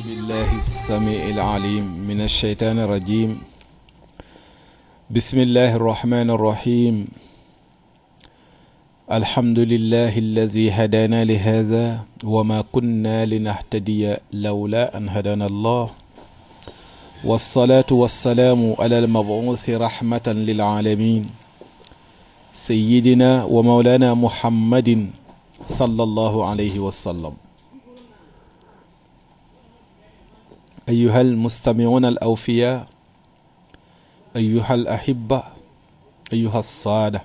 أعوذ بالله السميع العليم من الشيطان الرجيم بسم الله الرحمن الرحيم الحمد لله الذي هدانا لهذا وما كنا لنهتدي لولا أن هدانا الله والصلاة والسلام على المبعوث رحمة للعالمين سيدنا ومولانا محمد صلى الله عليه وسلم أيها المستمعون الأوفياء أيها الأحبة أيها الصادة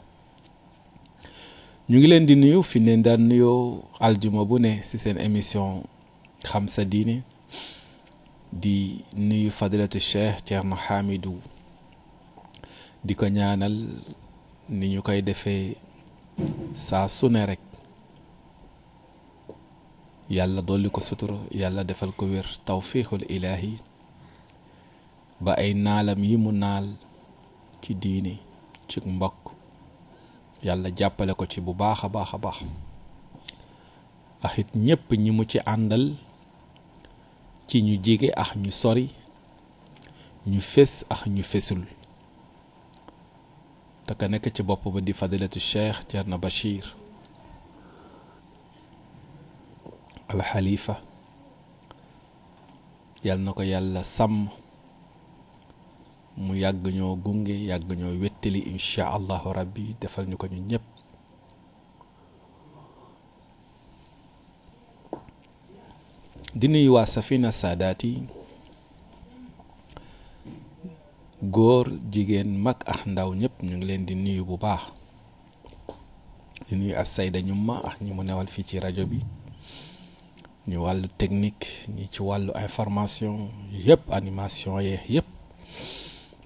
ñu ngi leen di nuyu fi ne daan nuyoo aljuma bu ne ci seen émission xam sa diine di nuyu fadilatu cheikh Thierno Hamidou di ko ñaanal ni ñu koy defee saa su ne rek yàlla dolli ko sutura yàlla defal ko wér tawfiixul ilaahi ba ay naalam yi mu naal ci diini ci mbokk yàlla jàppale ko ci bu baax a baax a baax axit ñépp ñi mu ci àndal ci ñu jege ak ñu sori ñu fés ax ñu fésul te ka nekk ci bopp ba di fadilatu cheikh Thierno Bachir alxalifa yal na ko yàlla sàmm mu yàgg ñoo gunge yàgg ñoo wéttali incha allahu rabbi defal ñu ko ñu ñëpp di nuyu waa safina saadaat góor jigéen mag ak ndaw ñëpp ñu ngi leen di nuyu bu baax di nuyu as sayda ñu ñi mu newal fii ci rajo bi ñu wàllu technique ñi ci wàllu information yëpp animation yee yëpp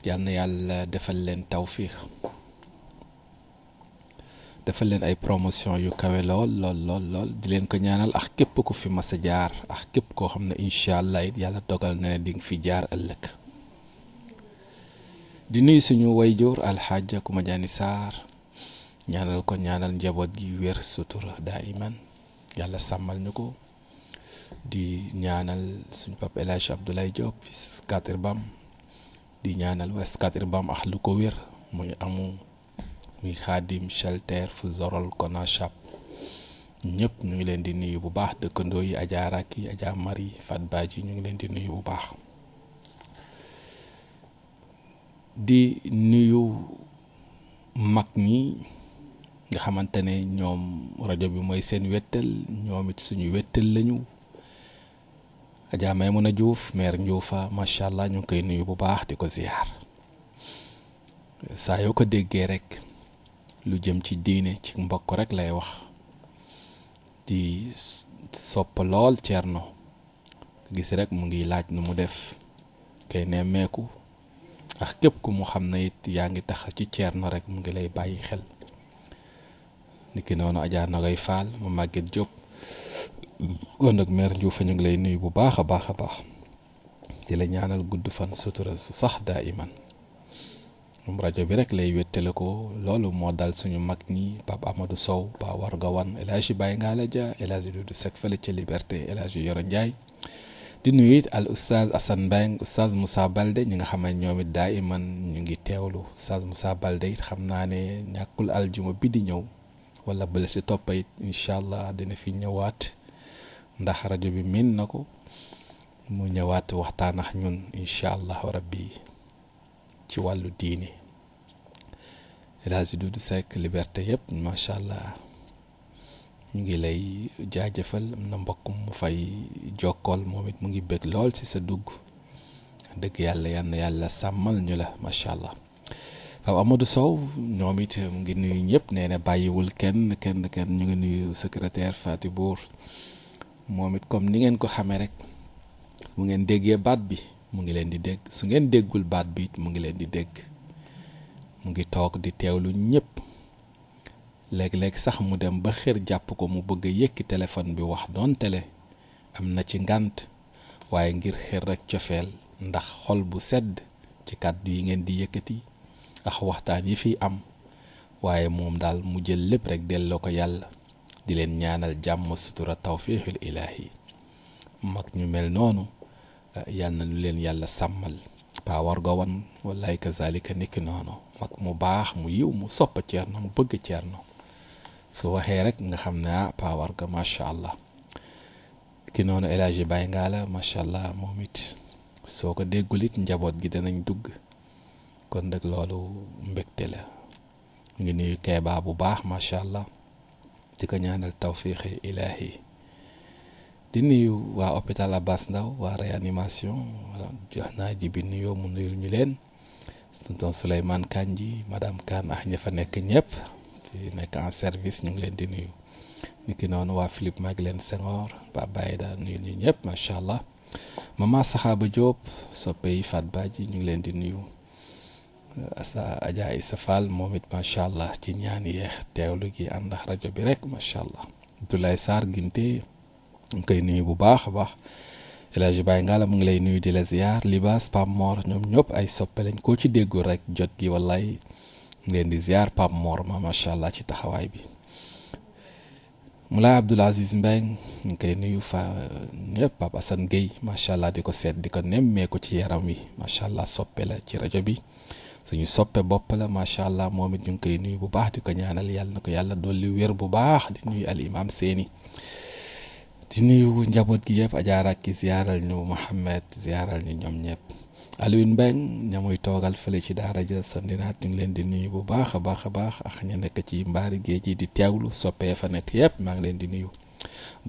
yal na yàlla defal leen tawfiix defal leen ay promotion yu kawe lool lool lool di leen ko ñaanal ak képp ku fi mas a jaar ak képp koo xam ne incha allah it yàlla dogal na ne fi jaar ëllëg di nuyu suñu wayjur alxaaja ku ma jaani saar ñaanal ko ñaanal njaboot gi wér sutura daa iman yàlla sàmmal ñu ko di ñaanal suñ papa El Hadj Abdoulaye Diop fils Skater di ñaanal waa Skater ax lu ko wér muy amu muy xaadim shelter fu zorol kona chap ñëpp ñu ngi leen di nuyu bu baax dëkkandoo yi Adja Raki Adja Mari Fat Badji ñu ngi leen di nuyu bu baax di nuyu mag ñi nga xamante ne ñoom rajo bi mooy seen wettal ñoom suñu wettal lañu ajaamay Adja Maymuna Diouf maire Ndioufa macha allah ñu ngi koy nuyu bu baax di ko ziyaar saa yoo ko déggee rek lu jëm ci diine ci mbokk rek lay wax di sopp lool ceer no gis rek mu ngi laaj nu mu def kay nemmeeku ak képp ku mu xam ne it yaa ngi tax ci Thierno rek mu ngi lay bàyyi xel niki noonu na Nogay Fall mu màgget Diop kon nag maire Diouf ñu ngi lay nuyu bu baax a baax a baax di la ñaanal gudd fan sutura su sax daa iman moom rajo bi rek lay wéttale ko loolu moo dal suñu mag ñi Pape Amadou Sow Pa Warga Wan El Hadj Baye Ngala Dia El Hadj Doudou Seck fële ca Liberté El Hadj Yoro Ndiaye di nuyu it al oustaz Assane Mbengue oustaz Moussa Balde ñi nga xam ne ñoom it daa iman ñu ngi teewlu oustaz Moussa Balde it xam naa ne ñàkkul aljuma bi di ñëw wala bële si topp it incha allah dina fi ñëwaat. ndax rajo bi miin na ko mu ñëwaat waxtaan ak ñun incha allah rabbi ci wàllu diini El du Doudou Seck liberté yëpp macha allah ñu ngi lay jaajëfal am na mbokk mu fay jokkool moom it mu ngi bëgg lool ci sa dugg dëgg yàlla yann yàlla sàmmal ñu la macha allah. waaw Amadou Sow ñoom it mu ngi nuyu ñëpp nee na bàyyiwul kenn kenn kenn ñu ngi nuyu secrétaire Fatou Bour moom it comme ni ngeen ko xamee rek bu ngeen déggee baat bi mu ngi leen di dégg su ngeen déggul baat bi it mu ngi leen di dégg mu ngi toog di teewlu ñëpp léeg-léeg sax mu dem ba xër jàpp ko mu bëgg a yëkki téléphone bi wax doon tele am na ci ngànt waaye ngir xër rek cofeel ndax xol bu sedd ci kàddu yi ngeen di yëkkati ak waxtaan yi fiy am waaye moom daal mu jël lépp rek delloo ko yàlla di leen ñaanal jàmm sutura tawfiixul ilaahi mag ñu mel noonu eh, yal na ñu leen yàlla sàmmal paa go wan wallaay kazalika nekki noonu mag mu baax mu yiw mu sopp ceerno mu bëgg ceerno su waxee rek nga xam ne ah paa warga macha allah ki noonu El Hadj Baye Ngalla macha allah moom it soo ko déggul it njaboot gi danañ dugg kon nag loolu mbégte la mu ngi nuyu Keebaa bu baax macha allah. di ko ñaanal tawfiixi ilaahi di nuyu waa hôpital Abass Ndao waa réanimation jox naa ji bi nuyoo mu nuyul ñu leen tonton Souleymane Kandji madame Kane ak ñi fa nekk ñëpp di nekk en service ñu ngi leen di nuyu nu ki noonu waa Philippe Maguilène Senghor Baba Aïda nuyu ñu ñëpp macha allah mama Saxaaba Diop soppe yi Fat yi ñu ngi leen di nuyu sa Adja Issa Fall moom it macha allah ci ñaan yeex teewlu gi ànd rajo bi rek macha allah Abdoulaye Sarr Ginte ñu koy nuyu bu baax a baax El Hadj Baye mu ngi lay nuyu di la ziar Libaas Pape Mor ñoom ñëpp ay soppe lañ koo ci déggul rek jot gi ngeen di ziar Pape Mor ma macha allah ci taxawaay bi. Moulay Abdoul Aziz Mbengue ñu koy nuyu fa ñëpp Pape Assane Gueye macha allah di ko seet di ko ko ci yaram wi macha allah soppe la ci rajo bi. suñu soppee bopp la macha allah moom it ñu ngi koy nuyu bu baax di ko ñaanal yàlla na ko yàlla dolli wér bu baax di nuyu al imam seeni di nuyu njaboot gi yëpp ajaara ki ziyaaral ñu Mouhamed ziyaaral ñu ñoom ñëpp Alioune Mbengue ña muy toogal fële ci daara ja sandinaat ñu ngi leen di nuyu bu baax a baax a baax ak nekk ci mbaari géej gi di teewlu soppee fa nekk yëpp maa ngi leen di nuyu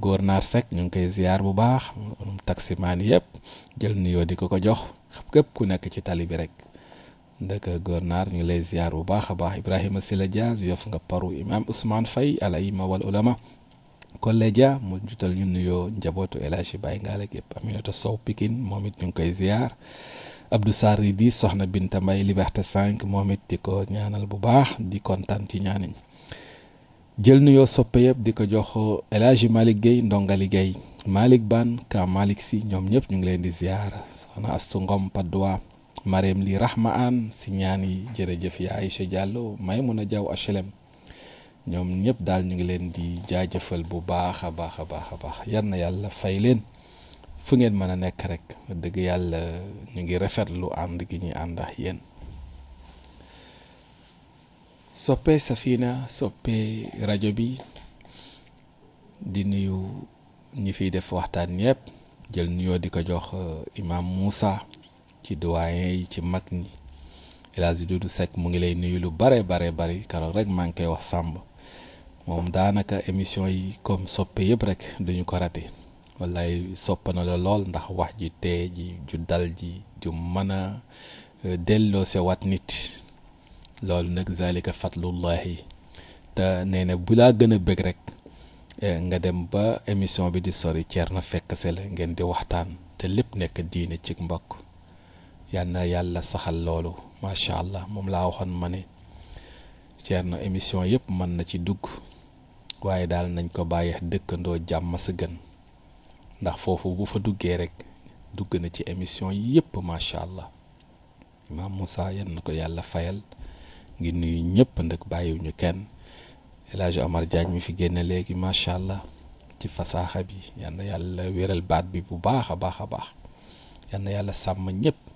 góor naar sec ñu ngi koy ziyaar bu baax moom taximaan yëpp jël nuyoo di ko ko jox képp ku nekk ci tali bi rek ndëkk gornaar ñu lay ziar bu baax a baax Ibrahima Sila Dia yof nga paru imam Ousmane Faye al aima wal ulama kolleja mu jutal ñu nuyoo njabootu El Hadji Baye Ngale gépp Aminata Sow ñu ngi koy ziar Abdou Sarr di soxna Binta Mbaye Liberté 5 moom it di ko ñaanal bu baax di kontaan ci ñaaniñ jël nuyoo soppe yëpp di ko jox El Hadji Malick Guèye ndongali Guèye Malick Ban ka Malick si ñoom ñëpp ñu ngi leen di ziar soxna Astu Ngom Padois Marème Ly Rahma Anne si ñaan yi jërëjëf ya may Diallo a Jaw HLM ñoom ñëpp daal ñu ngi leen di jaajëfal bu baax a baax a baax a baax yal na yàlla fay leen fu ngeen mën a nekk rek dëgg yàlla ñu ngi lu ànd gi ñuy ànd ak yéen soppe Safina soppe rajo bi di nuyu ñu fi def waxtaan ñëpp jël nuyoo di ko jox euh, imaam Moussa ci doyen yi ci mag ñi El du Doudou Seck mu ngi lay nuyu lu bare bare bari karoog rek maa ngi koy wax sàmb moom daanaka émission yi comme soppe yëpp rek duñu ko rate wallaay sopp na la lool ndax wax ji tee ji ju dal ji ju mën a euh, delloo sewaat nit loolu nag zalika fadlullahi te nee na bu laa gën a bëgg rek euh, nga dem ba émission bi di sori ceer na fekk se la ngeen di waxtaan te lépp nekk diine ci mbokk yal na yàlla saxal loolu macha allah moom laa waxoon ma ne Thierno émission yëpp mën na ci dugg waaye daal nañ ko bàyyi dëkkandoo jàmm sa gën ndax foofu bu fa duggee rek dugg na ci émission yëpp macha allah Imam Moussa yan na ko yàlla fayal ngi nuyu ñëpp nag bàyyiwuñu kenn El Hadj Omar Diagne mi fi génne léegi macha allah ci fasaaxa bi yal yàlla wéral baat bi bu baax a baax a baax yal yàlla sàmm ñëpp.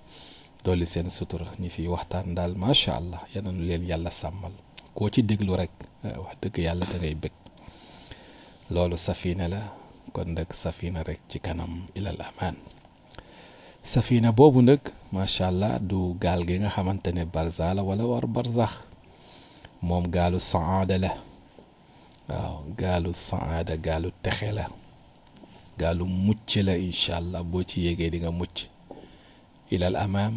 dolli seen sutura ñi fi waxtaan daal macha allah yal leen yàlla sàmmal koo ci déglu rek eh, wax dëgg yàlla da ngay bëgg loolu safina la kon nag safina rek ci kanam ilal amaan safina boobu nag macha allah du gaal gi nga xamante ne barza la wala war barzax moom gaalu saada la waaw gaalu saada gaalu texe la gaalu mucc la incha allah boo ci yégee di nga mucc ilal amaam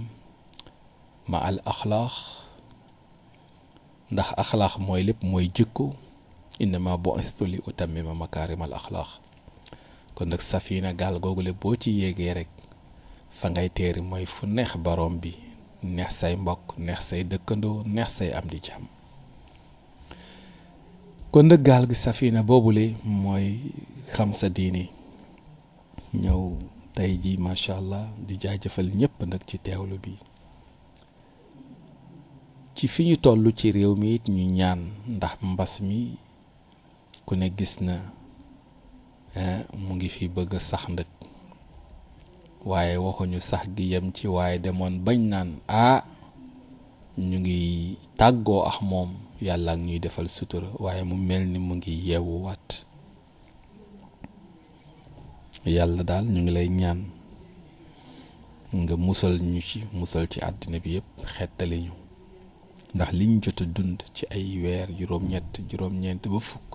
ma al axlaax ndax axlaax mooy lépp mooy jikko innama bu'istu li utammima ma al axlaax kon nag safiina gaal googule boo ci yéegee rek fa ngay teeri mooy fu neex boroom bi neex say mbokk neex say dëkkandoo neex say am di jàmm kon nag gaal gi safiina boobule mooy xam sa diini ñëw tey ji macha allah di jaajëfal ñépp nag ci teewlu bi ci fi ñu toll ci réew mi it ñu ñaan ndax mbas mi ku ne gis na eh, mu ngi fi bëgg sax ndëkk waaye waxuñu sax gi yem ci waaye demoon bañ naan ah ñu ngi tàggoo ak moom yàlla ñuy defal sutura waaye mu mel ni mu ngi yeewu waat yàlla daal ñu ngi lay ñaan nga musal ñu ci musal ci àddina bi yëpp xettali ndax liñ jot dund ci ay weer juróom-ñett juróom-ñeent ba fukk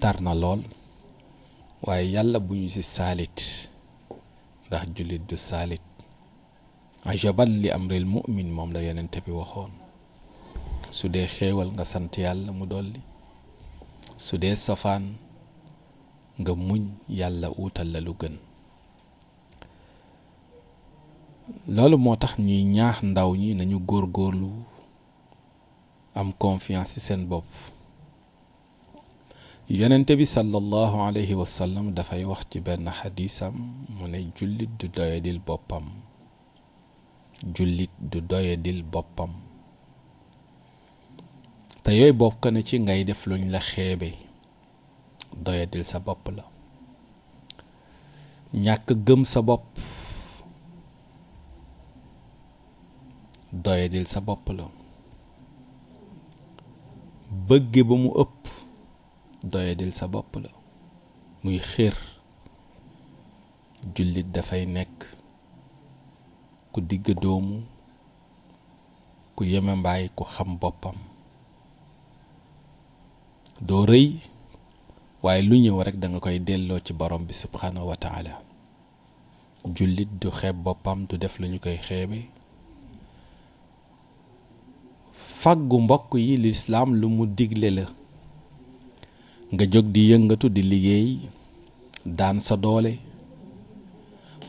tar na lool waaye yàlla bu ñu ci saalit ndax jullit du saalit ajaban li am amril mu'min moom la yonent bi waxoon su dee xéewal nga sant yàlla mu dolli su dee safaan nga muñ yàlla wuutal la lu gën loolu moo tax ñuy ñaax ndaw ñi nañu góorlu am confiance ci seen bopp yonente bi sallallahu alayhi wa dafay wax ci benn xadisam mu ne jullit du doyadil boppam jullit du doyadil boppam te yooyu bokk na ci ngay def luñ la xeebe doyadil sa bopp la ñàkk gëm sa bopp doyadil sa bopp la bëgge ba mu ëpp doyadil sa bopp la muy xér jullit dafay nekk ku digg doomu ku yeme mbaay ku xam boppam doo rëy waaye lu ñëw rekk danga koy delloo ci borom bi subhanahu wa taala jullit du xeeb boppam du def lañu koy xeebe faggu mbokk yi lislaam lu mu digle la nga jóg di yëngatu di liggéey daan sa doole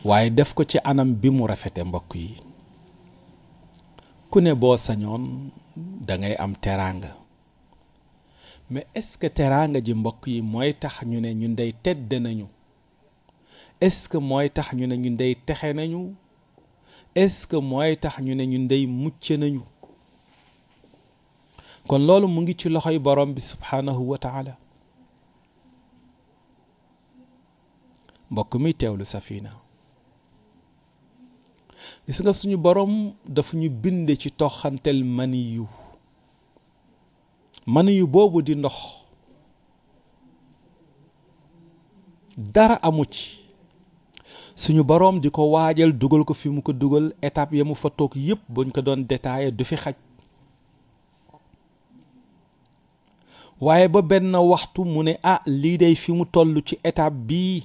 waaye def ko ci anam bi mu rafete mbokk yi ku ne boo sañoon dangay am teraanga mais est-ce que teraanga ji mbokk yi mooy tax ñu ne ñu ndey tedd nañu est-ce que mooy tax ñu ne ndey texe nañu est-ce que mooy tax ñu ne ñu ndey mucc nañu kon loolu mu ngi ci loxoy borom bi subhaanahu wa taala mbokk mi teewlu safina gis nga suñu boroom dafa ñu bind ci toxantel mani maniyu boobu di ndox dara amu ci suñu borom di ko waajal dugal ko fi mu ko dugal étape ya mu fa toog yëpp buñ ko doon détaillé du fi xaj waaye ba benn waxtu mu ne ah lii day fi mu toll ci étape bii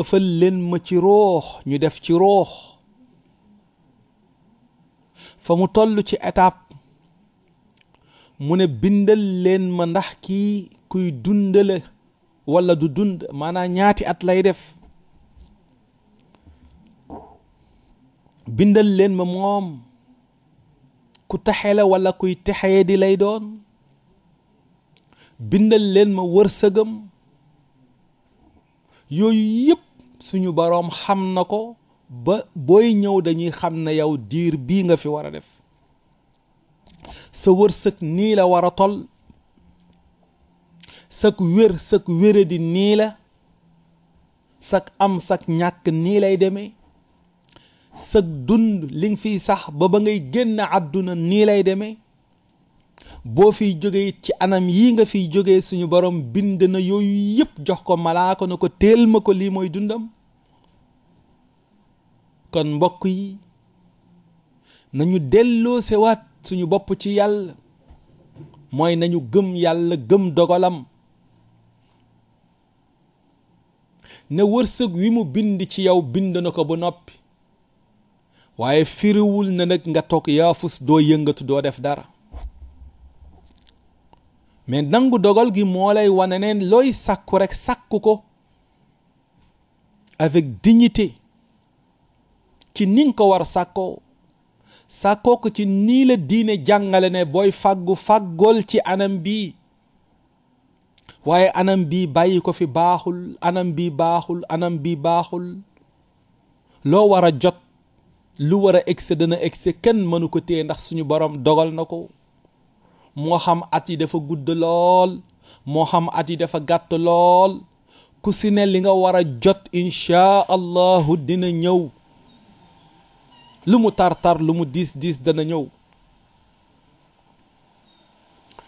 ëffal leen ma ci roox ñu def ci roox fa mu toll ci étape mu ne bindal leen ma ndax kii kuy dundale walla du dund maanaam ñaati at lay def bindal leen ma moom ku texe la walla kuy texe di lay doon bindal leen ma wërsëgam yooyu yëpp suñu boroom xam na ko ba booy ñëw dañuy xam ne yow diir bii nga fi war a def sa wërsëg nii la war a tol sak wér sak wéradi nii la sak am sak ñàkk nii lay demee sa dund li nga fiy sax ba ba ngay génn àdduna nii lay demee boo fi jógee ci anam yi nga fiy jógee suñu boroom bind na yooyu yëpp jox ko malaaka ko téel ma ko lii mooy dundam kon mbokk yi nañu delloo sewaat suñu bopp ci yàlla mooy nañu gëm yàlla gëm dogalam ne wërsëg wi mu bind ci yow bind na ko ba noppi waaye firiwul na nag nga toog yaafus doo yëngatu doo def dara mais nangu dogal gi moo lay wane ne looy sàkku rekk sàkku ko avec dignité ci ning ko war sàkkoo sàkkoo ko ci nii la diine jàngale na booy fàggu fàggool ci anam bii waaye anam ko fi baaxul anam bi baaxul anam bii baaxul loo war a jot lu war a egsi dana egsi kenn mënu ko téye ndax suñu borom dogal na ko moo xam at yi dafa gudd lool moo xam at yi dafa gàtt lool ku si ne li nga war a jot inchaa allahu dina ñëw lu mu tar-tar lu mu diis diis dana ñëw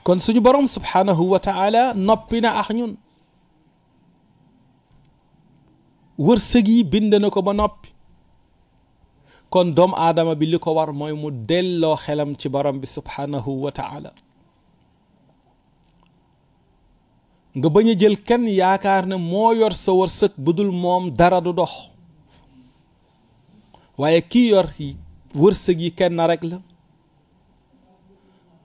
kon suñu borom subhaanahu wa noppi na ax ñun wërsëg yi bind na ko ba noppi kon doom aadama bi li ko war mooy mu delloo xelam ci borom bi subhaanahu wa taala nga bañ a jël kenn yaakaar ne moo yor sa wërsëg bu dul moom dara du dox waaye kii yor wërsëg yi kenn rek la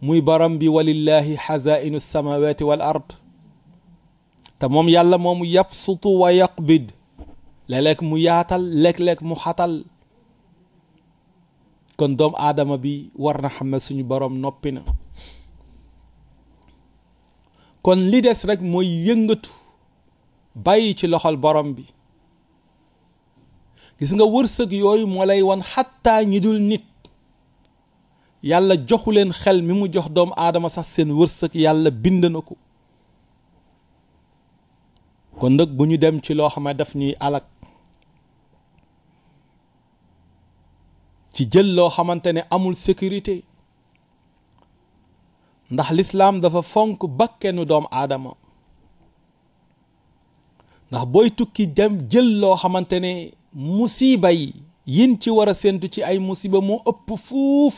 muy borom bi walillahi xazainu samawati wal ard te moom yàlla moom yabsutu wa yaqbid léeg mu yaatal léeg-léeg mu xatal kon doomu aadama bi war na xam ne suñu boroom noppi na kon li des rek mooy yëngatu bàyyi ci loxol boroom bi gis nga wërsëg yooyu moo lay wan xattaa ñi dul nit yàlla joxu leen xel mi mu jox doomu aadama sax seen wërsëg yàlla bind na ko kon nag bu ñu dem ci loo xam ne daf ñuy alak ci jël loo xamante ne amul sécurité ndax lislaam dafa fonk bakkenu doom aadama ndax booy tukki dem jël loo xamante ne musiba yi yin ci war a séntu ci ay musiba moo ëpp fuuf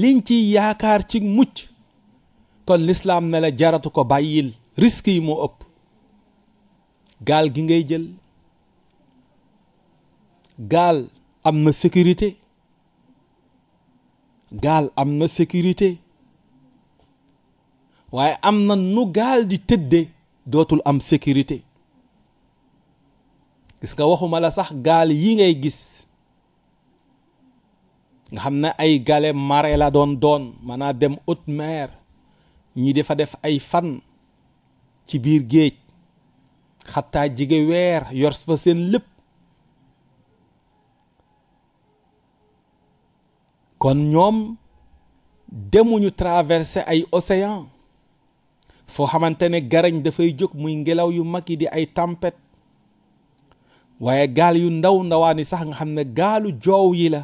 liñ ci yaakaar ci mucc kon lislaam ne la jaratu ko bàyyil risque yi moo ëpp gaal gi ngay jël gaal am na sécurité gaal am na sécurité waaye am na nu gaal di tëdde dootul am sécurité gis nga waxuma la sax gaal yi ngay gis nga xam na ay gale marée la doon doon maanaa dem haute mer ñi dafa def ay fan ci biir géej xattaa jige weer yor fa seen lépp kon ñoom demuñu traversé ay océan foo xamante ne garañ dafay jóg muy ngelaw yu mag yi di ay tempête waaye gaal yu ndaw yi sax nga xam ne gaalu joow yi la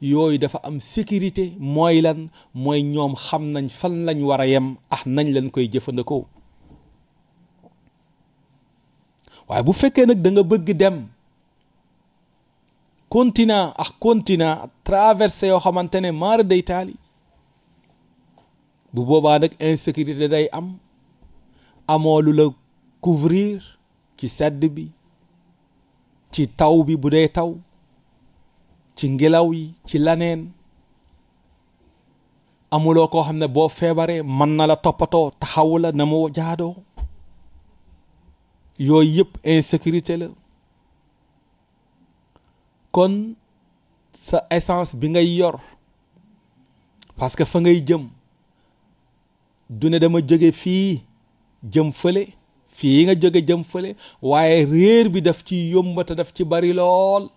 yooyu dafa am sécurité mooy lan mooy ñoom xam nañ fan lañ war a yem ax ah, nañ leen koy jëfandikoo waaye bu fekkee nag danga bëgg dem continent ak continent traversé yoo xamante ne maar day taali bu boobaa nag insécurité day am amoo lu la couvrir ci sedd bi ci taw bi bu dee taw ci ngelaw yi ci laneen amuloo koo xam ne boo feebaree mën na la toppatoo taxawu la na mu jaadoo yooyu yëpp insécurité la kon sa essence bi ngay yor parce que fa ngay jëm dune dama jóge fii jëm fële fii nga jóge jëm fële waaye réer bi daf ci yomb te daf ci bari lool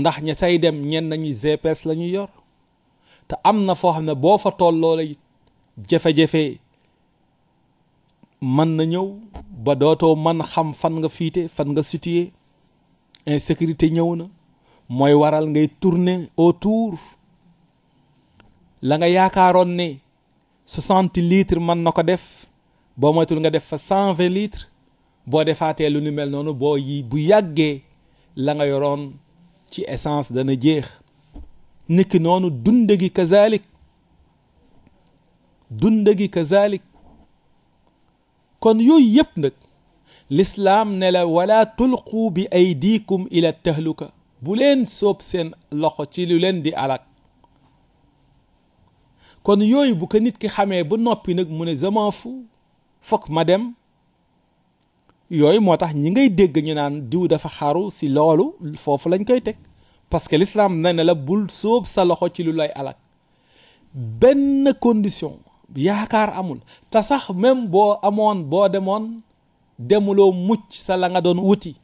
ndax ña say dem ñenn ñi GPS la yor te am na foo xam ne boo fa tolloo lay jafe-jafe mën na ñëw ba dootoo mën xam fan nga fiite fan nga situé sécurité ñëw na mooy waral ngay tourner autour la nga yaakaaroon ne soixante litres mën na ko def boo moytul nga def fa cent vingt boo defaatee lu ni mel noonu boo yi bu yàggee la nga yoroon ci essence dana jeex niki noonu dund gi kazalik dund gi kazalik kon yooyu yëpp nag lislaam ne la wala tulqu bi aydikum ila tahluka bu leen soob seen loxo ci lu leen di alak kon yooyu bu ko nit ki xamee ba noppi nag mu ne zaman fu foog ma dem yooyu moo tax ñi ngay dégg ñu naan diw dafa xaru si loolu foofu lañ koy teg parce que l'islam ne na la bul soob sa loxo ci lu lay alak benn condition yaakaar amul te sax même boo amoon boo demoon demuloo mucc sa la nga doon wuti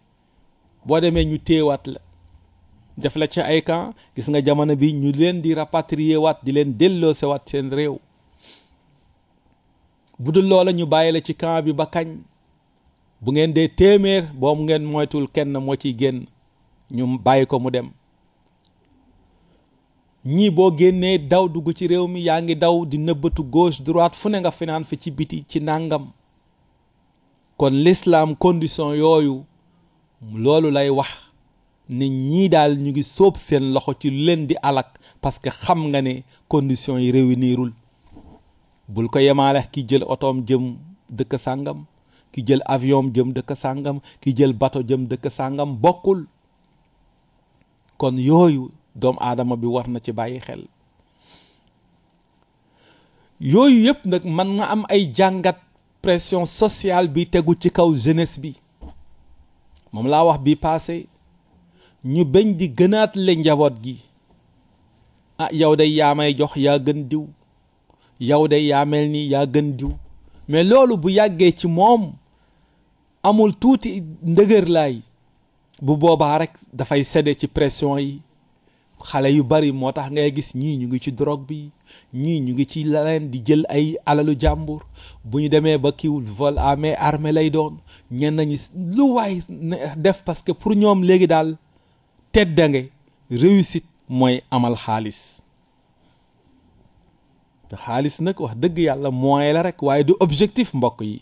boo demee ñu téewaat la def la ci ay camp gis nga jamono bi ñu leen di rapatrier waat di leen delloo sewaat seen réew bu dul loola ñu bàyyi la ci camp bi ba kañ bu ngeen dee téeméer boobu ngeen moytul kenn moo ciy génn ñu bàyyi ko mu dem ñii boo génnee daw dugg ci réew mi yaa ngi daw di nëbbatu gauche droite fu ne nga finaan fi ci biti ci nàngam kon l'islam condition yooyu loolu lay wax ni ñii daal ñu ngi soob seen loxo ci leen di alak parce que xam nga ni condition yi réewinirul bul ko yemaale ki jël otoom jëm dëkk sàngam ki jël avion jëm dëkk sàngam ki jël bato jëm dëkk sàngam bokkul kon yooyu doomu aadama bi war na ci bàyyi xel yooyu yëpp nag mën nga am ay jàngat pression sociale bi tegul ci kaw jeunesse bi moom laa wax bi passé ñu bañ di gënaatle njaboot gi ah yow day yaa may jox yaa gën diw yow day yaa mel nii yaa gën diw mais loolu bu yàggee ci moom amul tuuti ndëgër bu boobaa rek dafay sede ci pression yi xale yu bari moo tax ngay gis ñii ñu ngi ci drogue bi ñii ñu ngi ci leneen di jël ay alalu jàmbur bu ñu demee ba kiwul vol à main armée lay doon ñenn ñi lu waay def parce que pour ñoom léegi daal teddange réussit mooy amal xaalis te xaalis nag wax dëgg yàlla moyen la rek waaye du objectif mbokk yi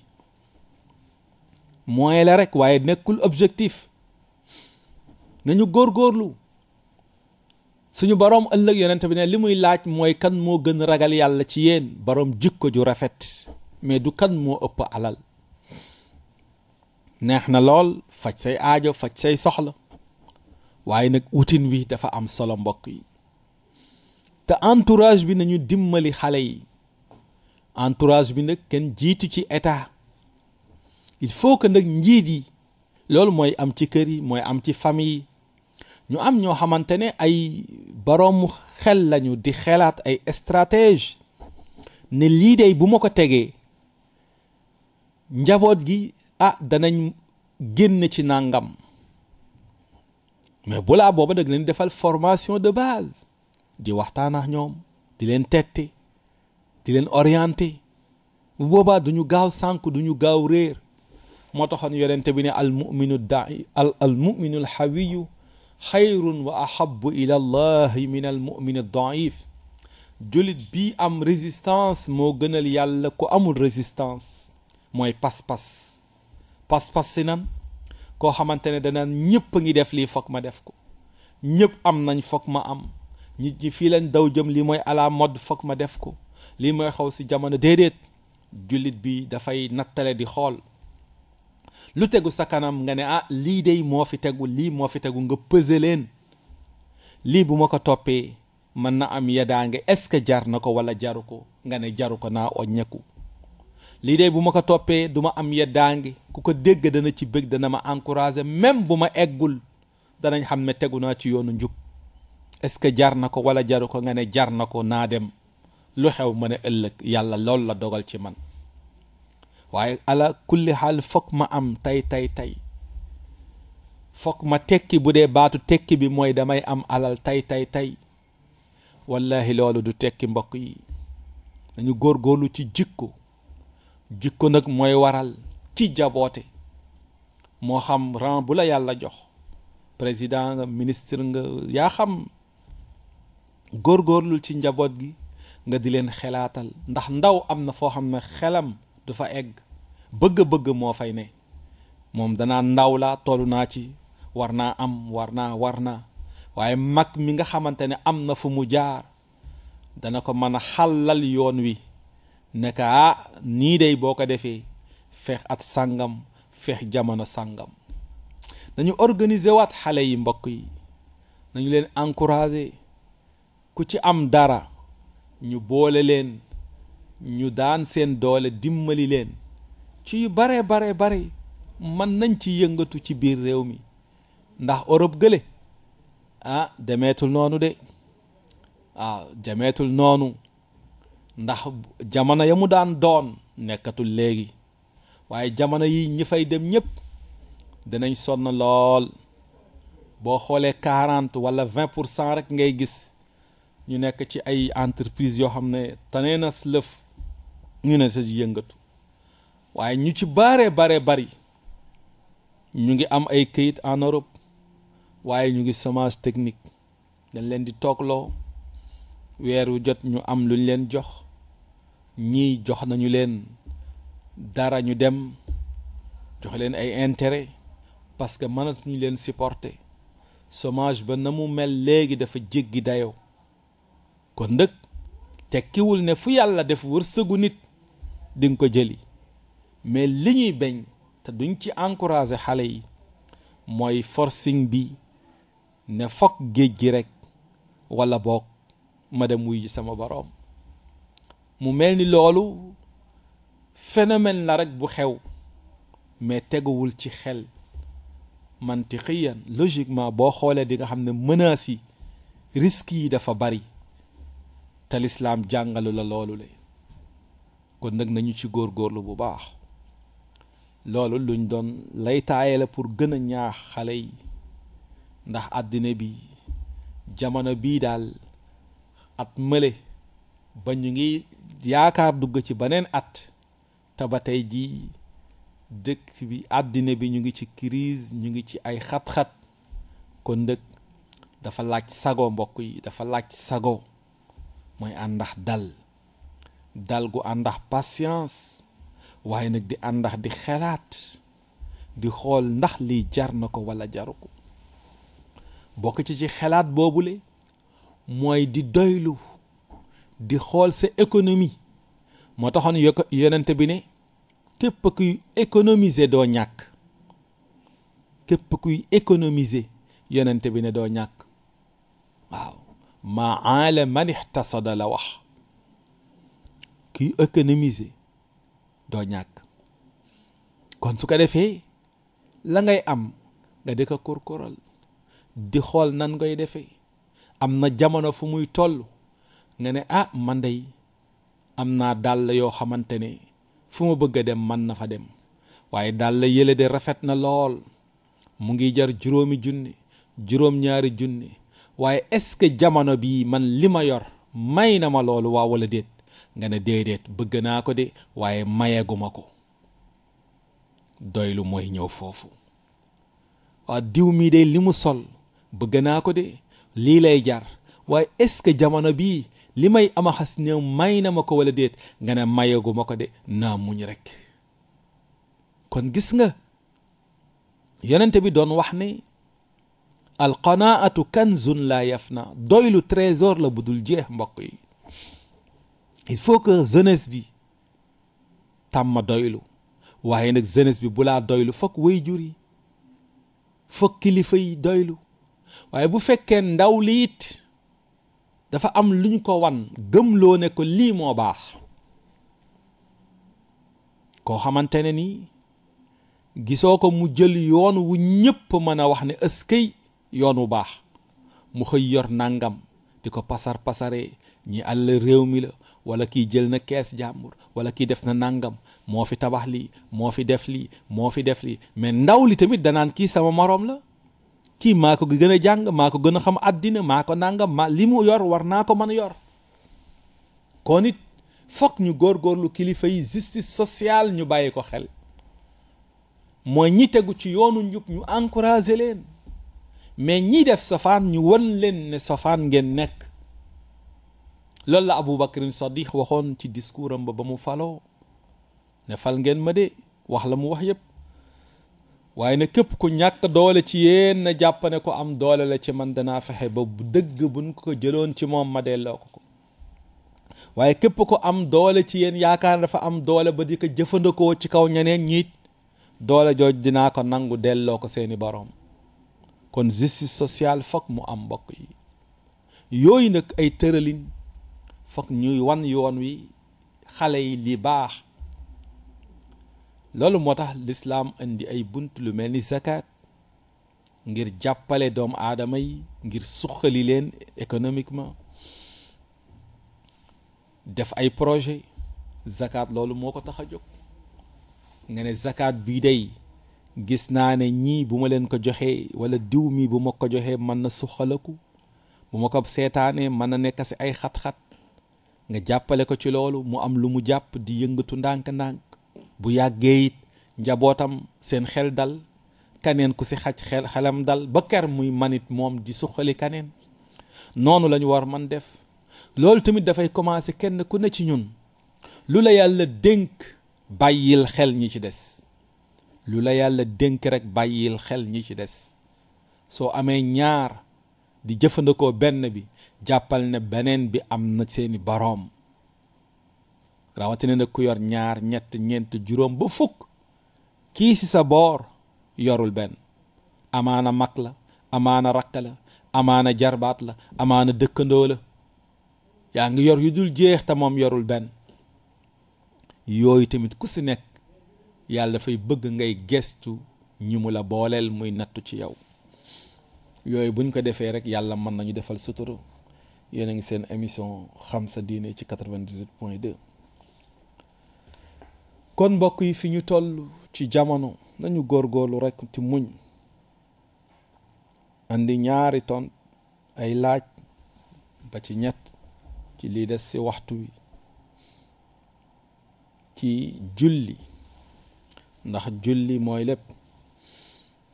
moyen la rek waaye nekkul objectif nañu góorgóorlu suñu boroom ëllëg yonent bi ne li muy laaj mooy kan moo gën ragal yàlla ci yéen boroom jikko ju rafet mais du kan moo ëpp alal neex na lool faj say aajo faj say soxla waaye nag wutin wi dafa am solo mbokk yi te entourage bi nañu dimbali xale yi entourage bi nag kenn jiitu ci état il faut que nag njiit yi loolu mooy am ci kër yi mooy am ci famille yi ñu am ñoo xamante ne ay boroomu xel lañu di xelaat ay stratégie ni lii dey bu ma ko tegee njaboot gi a ah, danañ génn ci nàngam mais bulaa booba dag leen defal formation de base di waxtaan ak ñoom di leen tegti di leen orienté bu boobaa duñu gaaw sànk duñu gaaw réer moo taxoon yonente bi ne al muminu daai al al muminu al xawiyu xayrun wa axab ila allahi min al mumin daif jullit bi am résistance moo gënal yàlla ku amul résistance mooy pas-pas pas-pas si nan koo xamante ne danaan ñëpp a ngi def lii foog ma def ko ñëpp am nañ foog ma am nit ñi fii lañ daw jëm lii mooy ala modd foog ma def ko lii mooy xaw si jamono déedéet jullit bi dafay nattale di xool lu tegu sa kanam nga ne ah lii dey moo fi tegu lii moo fi tegu nga pëse leen lii bu ma ko toppee mën na am yadaange est ce que jar na ko wala jaru ko nga ne jaru ko naa oññeku lii dey bu ma ko toppee du ma am yadaange ku ko dégg dana ci bëgg dana ma encourager même bu ma eggul danañ xam ne tegu ci yoonu njub est ce que jar na ko wala jaru ko nga ne jar na ko naa dem lu xew ma ne ëllëg yàlla loolu la dogal ci man waaye ala kulli xaal foog ma am tey tey tey foog ma tekki bu dee baatu tekki bi mooy damay am alal tey tey tey wallahi loolu du tekki mbokk yi dañu góorgóorlu ci jikko jikko nag mooy waral ci jaboote moo xam rang bu la yàlla jox président nga nga yaa xam góorgóorlu ci njaboot gi nga di leen xelaatal ndax ndaw am na foo xam ne xelam du fa egg bëgg-bëgg moo fay ne moom danaa ndaw la tollu naa ci war naa am war naa war naa waaye mag mi nga xamante ne am na fu mu jaar dana ko mën a xàllal yoon wi nekk ah nii day boo ko defee feex at sàngam feex jamono sàngam nañu organiser waat xale yi mbokk yi nañu leen encourager ku ci am dara ñu boole leen ñu daan seen doole dimbali leen ci yu bare bare bare mën nañ ci yëngatu ci biir réew mi ndax Europe gële ah demeetul noonu de ah demeetul noonu ndax jamono ya mu daan doon nekkatul léegi waaye jamono yi ñi fay dem ñëpp dinañ sonn lool boo xoolee quarante wala vingt pour cent rek ngay gis ñu nekk ci ay entreprise yoo xam ne tanee na lëf ne di yëngatu waaye ñu ci bare bare bari ñu ngi am ay këyit en Europe waaye ñu ngi semence technique dañ leen di toog loo weeru jot ñu am luñ leen jox ñii jox nañu leen dara ñu dem jox leen ay intérêt parce que ñu leen supporter chômage ba na mu mel léegi dafa jéggi dayoo kon ndëkk tekkiwul ne fu yàlla def wërsëgu nit di nga ko jëli mais li ñuy bañ te duñ ci encouragé xale yi mooy forcing bi ne fokk géej gi rek wala boog ma dem wuy ji sama boroom mu mel ni loolu phénomène la rek bu xew mais teguwul ci xel mantiqiyan logiquement boo xoolee di nga xam ne menaces yi risques yi dafa bari te lislaam jàngalu la loolu le kon nag nañu ci góor góorlu bu baax loolu luñ doon laytaaye la pour gën a ñaax xale yi ndax àddina bi jamono bii daal at mële ba ñu ngi yaakaar dugg ci beneen at te ba tey jii dëkk bi àddina bi ñu ngi ci crise ñu ngi ci ay xat-xat kon ndëkk dafa laaj sago mbokk yi dafa laaj sago mooy àndax dal dal gu àndax patience waaye nag di àndax di xelaat di xool ndax lii jar na ko wala jaru ko bokk ci ci xelaat boobule mooy di doylu di xool sa économie moo taxoon yoko yonent bi ne képp kuy économisé doo ñàkk képp kuy économiser yonent bi ne doo ñàkk waaw ma maa ala man ixtasada la wax kuy économiser doo ñàkk kon su ko defee la ngay am nga di ko kurkural di xool nan ngay defee am na jamono fu muy toll nga ne ah man dey am naa dàll yoo xamante ne fu ma bëgg a dem man na fa dem waaye dàll yële de rafet na lool mu ngi jar juróomi junni juróom-ñaari junni waaye est jamono bii man li ma yor may na ma loolu waaw walla déet nga ne déedéet bëgg naa ko de waaye mayeguma ko doylu mooy ñëw foofu waaw diw mii de li mu sol bëgg naa ko de lii lay jar waaye est-ce que jamono bii li may ama xas néew may na ma ko wala déet nga ne mayeguma ko de naa muñ rek kon gis nga yonente bi doon wax ne alqanaatu kanzun la yafna doylu trésor la bu dul jeex mbokk yi il faut que jeunesse bi tàmma doylu waaye nag jeunesse bi bu laa doylu fokk waajur yi fokk kilifa yi doylu waaye bu fekkee ndaw li dafa am luñ ko wan gëmloo ne ko lii moo baax koo xamante ne nii gisoo ko mu jël yoon wu ñëpp mën a wax ne ëskay yoon wu baax mu xëy yor nangam di ko pasar pasaree ñi àll réew mi la wala kii jël na kees jàmbur wala kii def na nangam moo fi tabax lii moo fi def lii moo fi def lii mais ndaw li tamit danaan kii sama moroom la kii maa ko gën a jàng maa ko gën a xam àddina maa ko nangam ma li mu yor war naa ko mën a yor kon it foog ñu góorgóorlu kilifa yi justice sociale ñu bàyyi ko xel mooy ñi tegu ci yoonu njub ñu encouragé leen mais ñii def sofaan ñu won leen ne sofaan ngeen nekk loolu la Abu Bakrin Sadiq waxoon ci discours am ba ba mu faloo ne fal ngeen ma de wax la mu wax yépp waaye ne képp ku ñàkk doole ci yéen na ko am doole la ci man danaa fexe ba bu dëgg buñ ko jëloon ci moom ma delloo ko ko waaye képp ku am doole ci yéen yaakaar dafa am doole ba di ko jëfandikoo ci kaw ñeneen ñiit doole jooj dinaa ko nangu delloo ko seeni boroom kon justice sociale foog mu am mbokk yi yooyu nag ay tëralin foog ñuy wan yoon wi xale yi li baax loolu moo tax lislaam indi ay bunt lu mel ni zakat ngir jàppale doom aadama yi ngir suqali leen économiquement def ay projet zakat loolu moo ko tax a jóg nga ne zakat bii dey gis naa ne ñii bu ma leen ko joxee wala diw mi bu ma ko joxee mën na suqalaku bu ma ko seetaanee mën na nekk si ay xat-xat nga jàppale ko ci loolu mu am lu mu jàpp di yëngatu ndànk-ndànk bu yàggee it njabootam seen xel dal kaneen ku si xaj xel xelam dal ba ker muy manit moom di suqali kaneen noonu la ñu war man def loolu tamit dafay commencer kenn ku ne ci ñun lu la yàlla dénk bàyyil xel ñi ci des lu la yàlla dénk rek bàyyil xel ñi ci des soo amee ñaar di jëfandikoo benn bi jàppal na beneen bi am na seeni boroom rawatina nag ku yor ñaar ñett ñeent juróom ba fukk kii ci sa boor yorul benn amaana mag la amaana rakk la amaana jarbaat la amaana dëkkandoo la yaa ngi yor yu dul jeex te moom yorul benn yooyu tamit ku ci nekk yàlla dafay bëgg ngay gestu ñi mu la booleel muy nattu ci yow yooyu buñ ko defee rek yàlla mën nañu defal suturu yéen a ngi seen émission xam sa diine ci 98 point 2 kon mbokk yi fi ñu toll ci jamono nañu góorgóorlu rek ci muñ indi ñaari ton ay laaj ba ci ñett ci lii des si waxtu wi ci julli ndax julli mooy lépp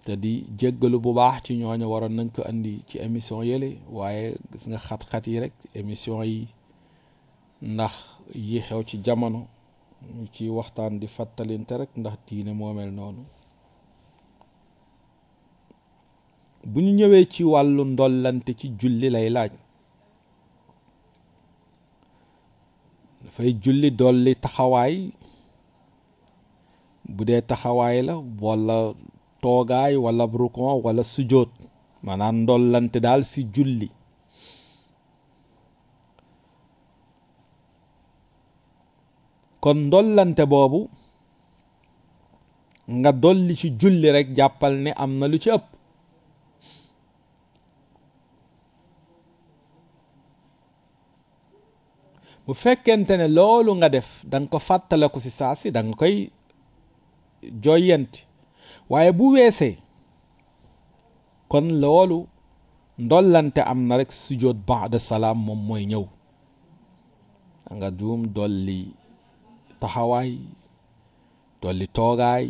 te di jéggalu bu baax ci ñooñu waroon nañ ko indi ci émission yéle waaye gis nga xat-xat yi rek émission yi ndax yi xew ci jamono ñu ci waxtaan di fàttalinte rek ndax diine moomel noonu bu ñu ñëwee ci wàllu ndollante ci julli lay laaj dafay julli dolli taxawaay bu dee taxawaay la walla toogaay wala rukon wala sujjóot maanaam ndollante daal si julli kon ndollante boobu nga dolli ci julli rekk jàppal ni am na lu ci ëpp bu fekkente ne loolu nga def danga ko fàttale ko si saa si danga koy joyanti waaye bu weesee kon loolu ndollante am na rek sujjoot baada salaam moom mooy ñëw nga duum dolli taxawaay dolli toogaay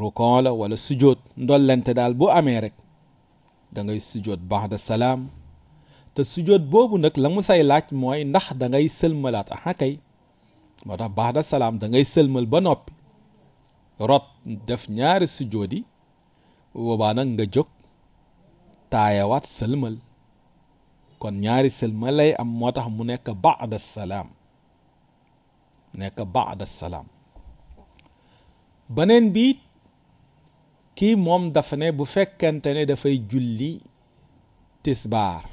rukon la wala sujjoot ndollante daal bu amee rek da ngay sujjoot baada salaam te sujjoot boobu nag la mu say laaj mooy ndax dangay ngay sëlmalaat aha moo tax baada salaam da ngay sëlmal ba noppi rob def ñaari sujjóoti boobaa nga jóg taayawaat sëlmal kon ñaari sëlmal lay am moo tax mu nekk baada salaam nekk baada salaam beneen bi kii moom dafa ne bu fekkente ne dafay julli tisbaar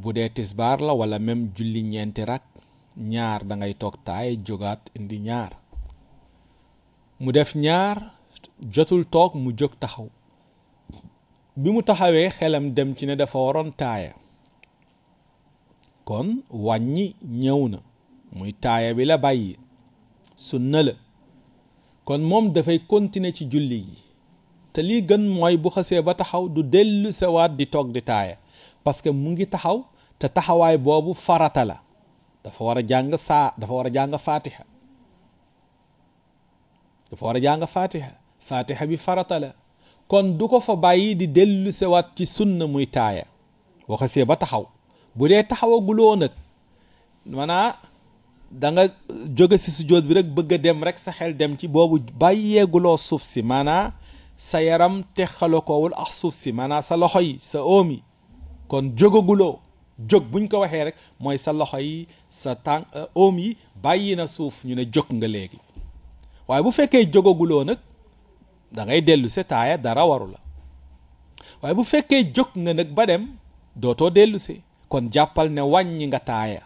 bu dee tisbaar la wala même julli ñeenti rak ñaar da ngay toog taay jógaat indi ñaar mu def ñaar jotul toog mu jóg taxaw bi mu taxawee xelam dem ci ne dafa waroon taaya kon wàññi ñëw na muy taaya bi la bàyyi su la kon moom dafay continuer ci julli yi te lii gën mooy bu xësee ba taxaw du dellu sewaat di toog di taaya parce que mu ngi taxaw te taxawaay boobu farata la dafa war a jàng saa dafa war a jàng faatiha dafa war a jàng fatiha fatiha bi farata la kon du ko fa bàyyi di dellu sewaat ci sunna muy taaya boo ba taxaw bu dee taxawaguloo nag manaa danga jóge si sujjóot bi rek bëgg a dem rek sa xel dem ci boobu bàyyeeguloo suuf si maanaa sa yaram te xalokoowul ak suuf si maanaa sa loxo yi sa oom yi kon jógaguloo jóg buñ ko waxee rek mooy sa loxo yi sa tànk oom yi bàyyi na suuf ñu ne jóg nga léegi waaye bu fekkee jógaguloo nag dangay ngay dellu se taaya dara waru la waaye bu fekkee jóg nga nag ba dem dootoo dellu si kon jàppal ne wàññi nga taaya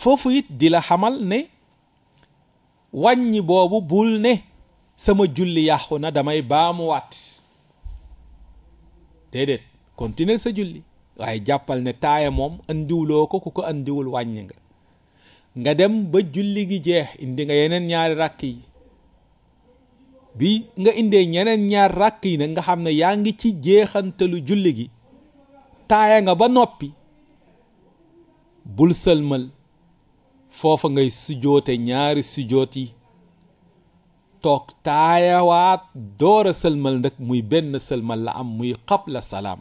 foofu it di la xamal ne wàññi boobu bul ne sama julli yàqu na damay baamuwaat déedéet continuer sa julli waaye jàppal ne taaya moom andiwuloo ko ku ko andiwul wàññi nga nga dem ba julli gi jeex indi nga yeneen ñaari ràkk yi bi nga indee ñeneen ñaar ràkk yi nag nga xam ne yaa ngi ci jeexantalu julli gi taaya nga ba noppi bul sëlmal foofa ngay sujoote ñaari sujoot yi toog taayawaat door a sëlmal nag muy benn sëlmal la am muy qabla salaam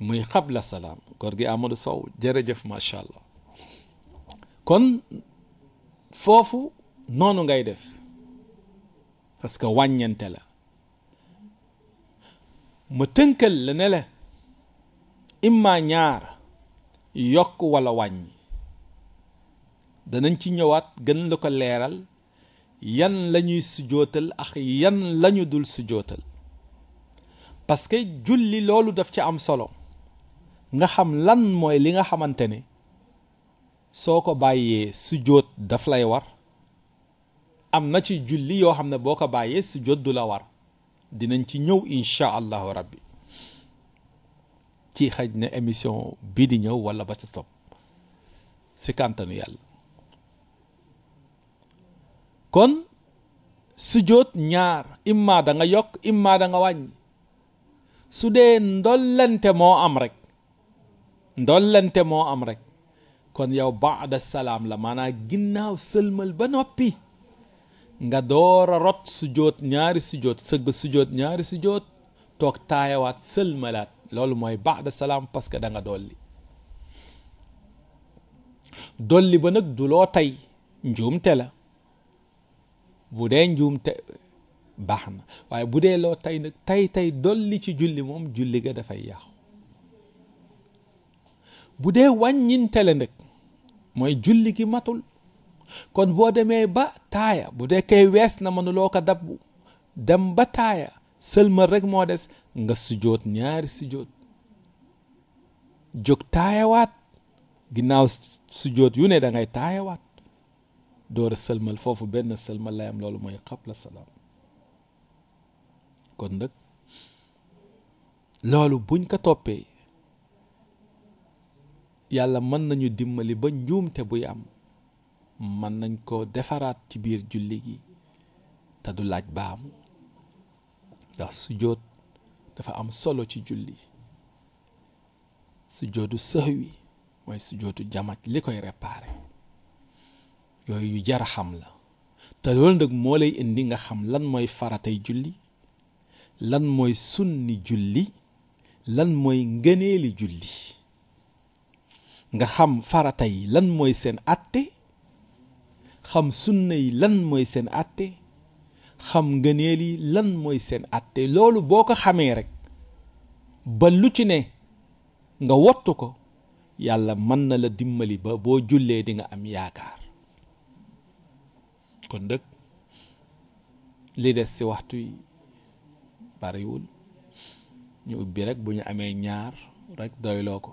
muy xabla salaam góor gi Amadou Sow jërëjëf macha allah kon foofu noonu ngay def parce que wàññente la ma tënkal la ne la imma ñaar yokk walla wàññi danañ ci ñëwaat gën la ko leeral yan lañuy ñuy sujootal ak yan lañu dul sujootal parce que julli loolu daf ci am solo nga xam lan mooy li nga xamante ne soo ko bàyyee sujjóot daf lay war am na ci julli yoo xam ne boo ko bàyyee sujjóot du la war dinañ ci ñëw incha allahu rabbi ci xaj na émission bii di ñëw wala ba ca topp si kàntanu yàlla kon sujjóot ñaar imma da nga yokk imma da nga wàññi su dee ndollante moo am rek ndollante moo am rek kon yow baada salaam la maanaam ginnaaw sëlmal ba noppi nga door a rot sujjoot ñaari sujjoot sëgg sujjoot ñaari sujjoot toog taayawaat sëlmalaat loolu mooy baada salaam parce que da dolli dolli ba nag du loo tey njuumte la bu dee njuumte baax na waaye bu dee loo tey nag tey tey dolli ci julli moom julli ga dafay yàqu bu dee wàññinte la mooy julli gi matul kon boo demee ba taaya bu dee kay wees na mënuloo ko dabbu dem ba taaya sëlmal rek moo des nga sujoot ñaari sujoot jóg taayawaat ginnaaw sujoot yu ne da ngay taayawaat door a sëlmal foofu benn sëlmal layam loolu mooy xabla salaam kon nag loolu buñ ko toppee yàlla mën nañu dimbali ba njuumte buy am mën nañ koo defaraat ci biir julli gi te du laaj baamu ndax sujjóot dafa am solo ci julli sujjóotu sahwi mooy sujjóotu jamaj li koy réparé yooyu yu jar a xam la te loolu nag moo lay indi nga xam lan mooy faratay julli lan mooy sunni julli lan mooy ngëneeli julli nga xam farata yi lan mooy seen àtte xam sunna yi lan mooy seen àtte xam ngëneel yi lan mooy seen àtte loolu boo ko xamee rek ba lu ci ne nga wottu ko yàlla mën na la dimbali ba boo jullee di nga am yaakaar kon dëkk li des ci waxtu yi bariwul ñu ubbi rek bu ñu amee ñaar rekk doyloo ko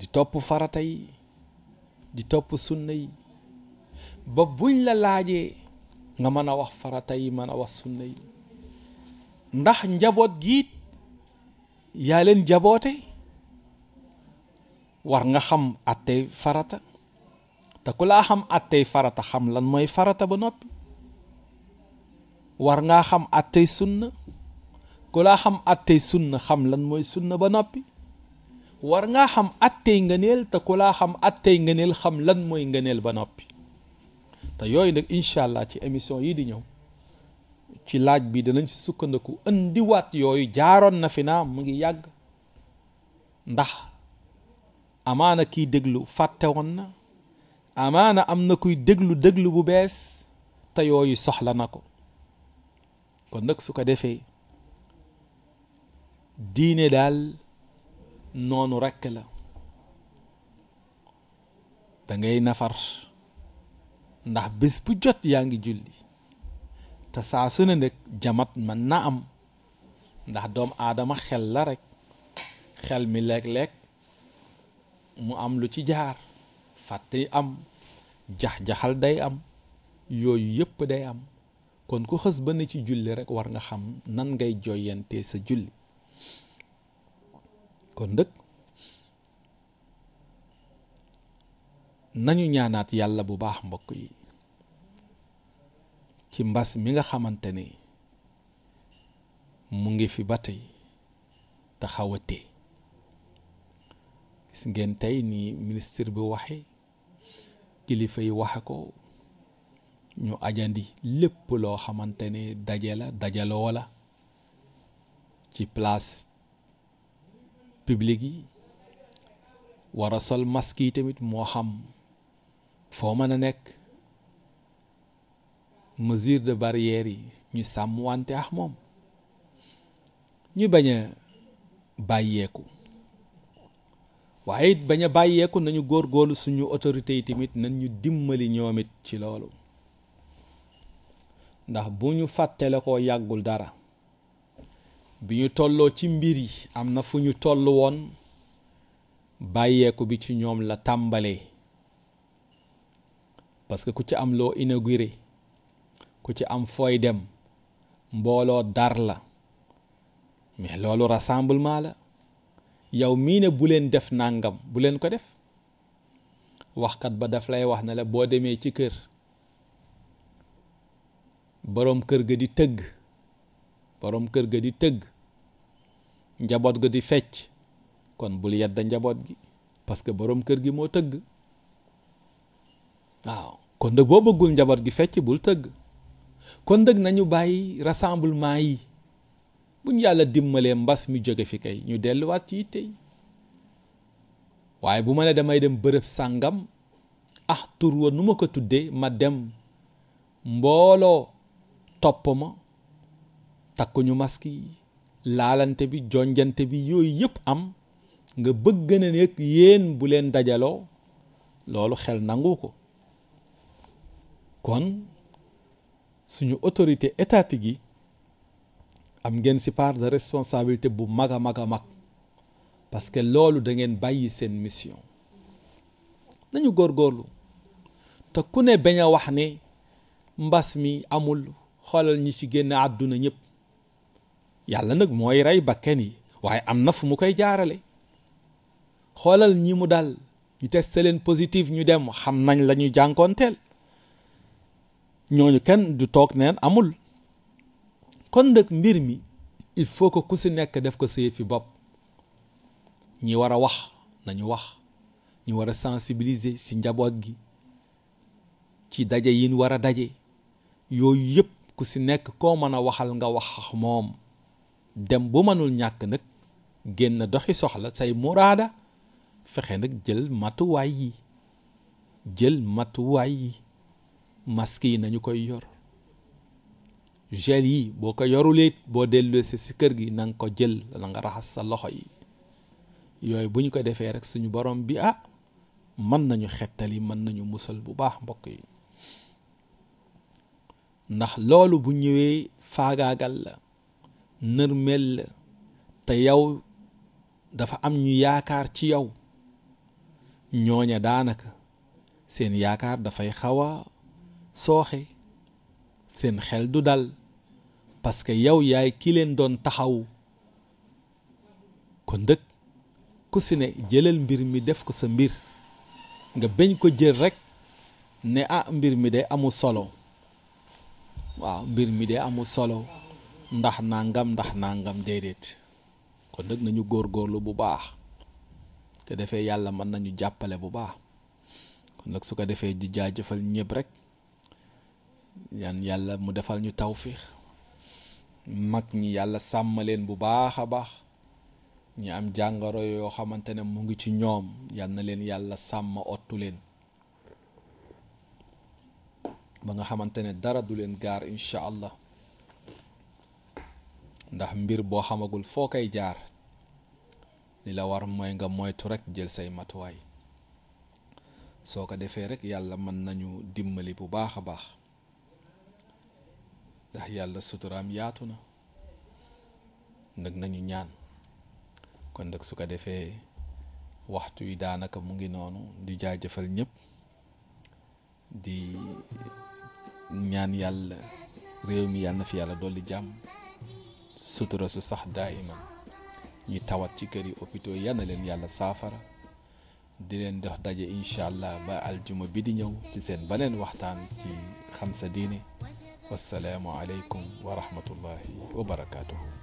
di topp farata yi di topp sunna yi ba buñ la laajee nga mën a wax farata yi mën a wax sunna yi ndax njaboot giit yaa leen jaboote war nga xam attey farata te ku laa xam attey farata xam lan mooy farata ba noppi war ngaa xam attey sunna ku laa xam attey sunna xam lan mooy sunna ba noppi war ngaa xam attey ngëneel te ku laa xam attey ngëneel xam lan mooy ngëneel ba noppi te yooyu nag incha allah ci émission yi di ñëw ci laaj bi danañ si sukkandiku indiwaat yooyu jaaroon na fi naa mu ngi yàgg ndax amaana kiy déglu fàtte na amaana am na kuy déglu déglu bu bees te yooyu soxla na ko kon nag su ko defee diine daal noonu rekk la dangay ngay nafar ndax bés bu jot yaa ngi julli te saa su ne nag jamat mën na am ndax doom aadama xel la rekk xel mi léeg lekk mu am lu ci jaar fàtte am jax-jaxal day am yooyu yëpp day am kon ku xës ba ne ci julli rek war nga xam nan ngay joyantee sa julli kon dëkk nañu ñaanaat yàlla bu baax mbokk yi ci mbas mi nga xamante ni mu ngi fi ba tey te xaw a tee gis ngeen tey nii ministre bi waxe kilifa yi waxe ko ñu ajandi lépp loo xamante ni daje la dajaloo la ci place publique yi war a sol masque yi tamit moo xam foo mën a nekk mesure de barrière yi ñu sàmm wante ak moom ñu baña bàyyeeku waaye it bañ a bàyyeeku nañu góor góorgóorlu suñu autorités yi tamit nañ ñu dimmali ñoom it ci loolu ndax bu ñu fàttale koo yàggul dara bi ñu tolloo ci mbir yi am na fu ñu tollu woon bàyyeeku bi ci ñoom la tàmbalee parce que ku ci am loo inauguré ku ci am fooy dem mbooloo dar la mais loolu rassemblement la yow mii ne bu leen def nàngam bu leen ko def waxkat ba daf lay wax ne la boo demee ci kër boroom kër ga di tëgg boroom kër ga di tëgg njaboot ga di fecc kon bul yedda njaboot gi parce que boroom kër gi moo tëgg waaw kon nag boo bëggul njaboot gi fecc bul tëgg kon dëgg nañu bàyyi rassemblement yi buñ yàlla dimbalee mbas mi jóge fi kay ñu delluwaat ci yitte waaye bu ma ne damay dem bërëb sàngam ah tur wa nu ma ko tuddee ma dem mbooloo topp ma takkuñu masque yi laalante bi jonjante bi yooyu yëpp am nga bëgg na nekk yéen bu leen dajaloo loolu xel nangu ko kon suñu autorité étatique yi am ngeen si part de responsabilité bu mag a mag a mag parce que loolu da ngeen bàyyi seen mission nañu góorgóorlu te ku ne bañ a wax ne mbas mi amul xoolal ñi ci génn àdduna ñëpp yàlla nag mooy rey bakkan yi waaye am na fu mu koy jaarale xoolal ñi mu dal ñu testé positive ñu dem xam nañ la ñuy jànkoonteel ñooñu kenn du toog neen amul kon nag mbir mi il faut que ku si nekk def ko séy fi bopp ñi war a wax nañu wax ñu war a sensibiliser si njaboot gi ci daje yin war a daje yooyu yëpp ku si nekk koo mën a waxal nga wax moom dem bu mënul ñàkk nag génn doxi soxla say muraada fexe nag jël matuwaay yi jël matuwaay yi masque yi nañu koy yor gel yi boo ko yoruleet boo dellu si si kër gi na ko jël la raxas sa loxo yi yooyu bu ñu ko defee rek suñu borom bi ah mën nañu xettali mën nañu musal bu baax mbokk yi ndax loolu bu ñëwee faagaagal la nërmel la te yow dafa am ñu yaakaar ci yow ñooña daanaka seen yaakaar dafay xaw a sooxe seen xel du dal parce que yow yaay kii leen doon taxaw kon dëkk ku si ne jëlal mbir mi def ko sa mbir nga bañ ko jël rekk ne ah mbir mi de amul solo waaw mbir mi de amul solo ndax nangam ndax nangam déedéet kon nag nañu góorlu bu baax te defee yàlla mën nañu jàppale bu baax kon nag su ko defee di jaajëfal ñépp rek yan yàlla mu defal ñu tawfiix mag ñi yàlla sàmma leen bu baax a baax ñi am jàngoro yoo xamante ne mu ngi ci ñoom yal na leen yàlla sàmm ottu leen ba nga xamante ne dara du leen gaar incha allah. ndax mbir boo xamagul foo koy jaar li la war mooy nga moytu rekk jël say matuwaay soo ko defee rek yàlla mën nañu dimbali bu baax a baax ndax yàlla suturaam yaatu na nag nañu ñaan kon nag su ko defee waxtu wi daanaka mu ngi noonu di jaajëfal ñépp di ñaan yàlla réew mi yàlla na fi yàlla dolli jàmm sutura su sax daa iman ñi tawat ci kër yi hôpitaux yal leen yàlla saafara di leen dox daje incha allah ba aljuma bi di ñëw ci seen beneen waxtaan ci xam sa diine wassalaamu aleykum wa rahmatullahi